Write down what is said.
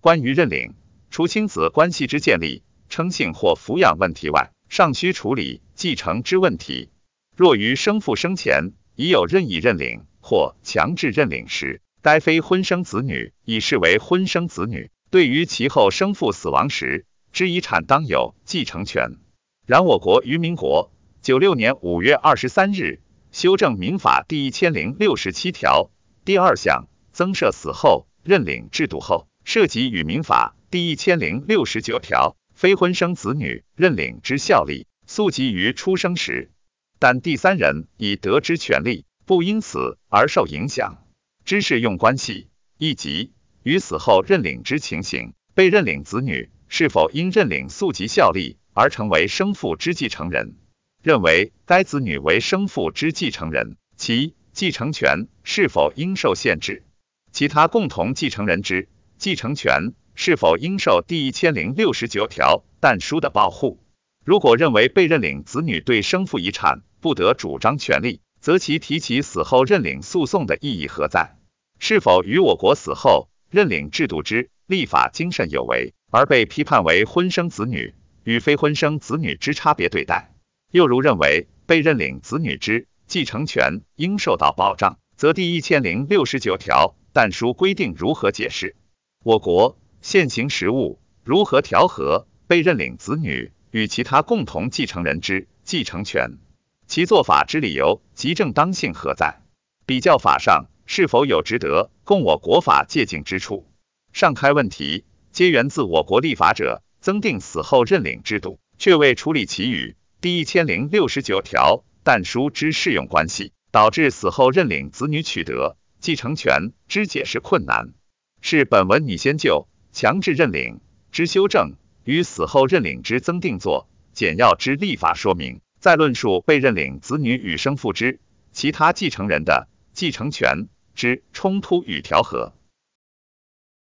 關於認領，除親子關係之建立、稱姓或撫養問題外，尚需處理繼承之問題。若於生父生前已有任意認領或強制認領時，該非婚生子女已視為婚生子女，對於其後生父死亡時之遺產當有繼承權。然我國於民國九六年五月二十三日修正民法第一千零六十七條第二項增設死後認領制度後。涉及與民法第一千零六十九條非婚生子女認領之效力溯及於出生時，但第三人已得之權利不因此而受影響之適用關係，亦即於死後認領之情形，被認領子女是否因認領溯及效力而成為生父之繼承人？認為該子女為生父之繼承人，其繼承權是否應受限制？其他共同繼承人之。繼承權是否應受第一千零六十九條但書的保護？如果認為被認領子女對生父遺產不得主張權利，則其提起死後認領訴訟的意義何在？是否與我國死後認領制度之立法精神有違，而被批判為婚生子女與非婚生子女之差別對待？又如認為被認領子女之繼承權應受到保障，則第一千零六十九條但書規定如何解釋？我國現行實務如何調和被認領子女與其他共同繼承人之繼承權？其作法之理由及正當性何在？比較法上是否有值得供我國法借鏡之處？上開問題皆源自我國立法者增訂死後認領制度，卻未處理其與第一千零六十九條但書之適用關係，導致死後認領子女取得繼承權之解釋困難。是本文擬先就強制認領之修正與死後認領之增訂作簡要之立法說明，再論述被認領子女與生父之其他繼承人的繼承權之衝突與調和。